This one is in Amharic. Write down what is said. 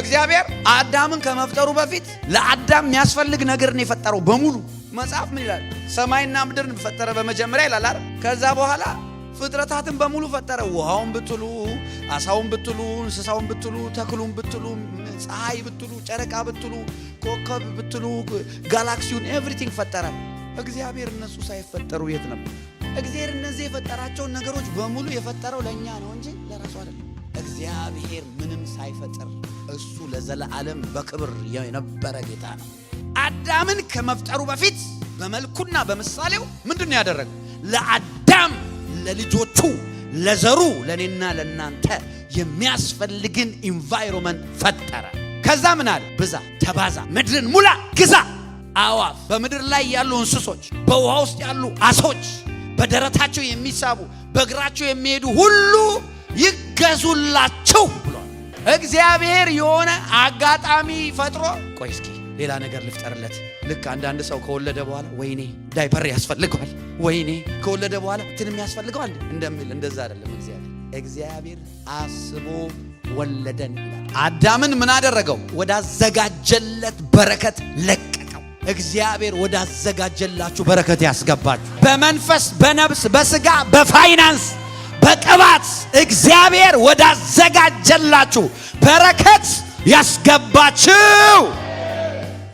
እግዚአብሔር አዳምን ከመፍጠሩ በፊት ለአዳም የሚያስፈልግ ነገርን የፈጠረው በሙሉ መጽሐፍ ምን ይላል? ሰማይና ምድርን ፈጠረ በመጀመሪያ ይላል አይደል? ከዛ በኋላ ፍጥረታትን በሙሉ ፈጠረ። ውሃውን ብትሉ፣ አሳውን ብትሉ፣ እንስሳውን ብትሉ፣ ተክሉን ብትሉ፣ ፀሐይ ብትሉ፣ ጨረቃ ብትሉ፣ ኮከብ ብትሉ፣ ጋላክሲውን ኤቭሪቲንግ ፈጠረ። እግዚአብሔር እነሱ ሳይፈጠሩ የት ነበር? እግዚአብሔር እነዚህ የፈጠራቸውን ነገሮች በሙሉ የፈጠረው ለእኛ ነው እንጂ ለራሱ አይደለም። እግዚአብሔር ምንም ሳይፈጥር እሱ ለዘለዓለም በክብር የነበረ ጌታ ነው። አዳምን ከመፍጠሩ በፊት በመልኩና በምሳሌው ምንድን ነው ያደረገው? ለአዳም ለልጆቹ፣ ለዘሩ፣ ለእኔና ለእናንተ የሚያስፈልግን ኢንቫይሮመንት ፈጠረ። ከዛ ምን አለ? ብዛ፣ ተባዛ፣ ምድርን ሙላ፣ ግዛ። አዋፍ፣ በምድር ላይ ያሉ እንስሶች፣ በውሃ ውስጥ ያሉ አሶች፣ በደረታቸው የሚሳቡ በእግራቸው የሚሄዱ ሁሉ ገዙላቸው ብሏል። እግዚአብሔር የሆነ አጋጣሚ ፈጥሮ ቆይ እስኪ ሌላ ነገር ልፍጠርለት። ልክ አንዳንድ ሰው ከወለደ በኋላ ወይኔ ዳይፐር ያስፈልገዋል፣ ወይኔ ከወለደ በኋላ ትንም ያስፈልገዋል እንደሚል እንደዛ አይደለም። እግዚአብሔር እግዚአብሔር አስቦ ወለደን ይላል። አዳምን ምን አደረገው? ወዳዘጋጀለት በረከት ለቀቀው። እግዚአብሔር ወዳዘጋጀላችሁ በረከት ያስገባችሁ በመንፈስ በነብስ በስጋ በፋይናንስ በቅባት እግዚአብሔር ወዳዘጋጀላችሁ በረከት ያስገባችሁ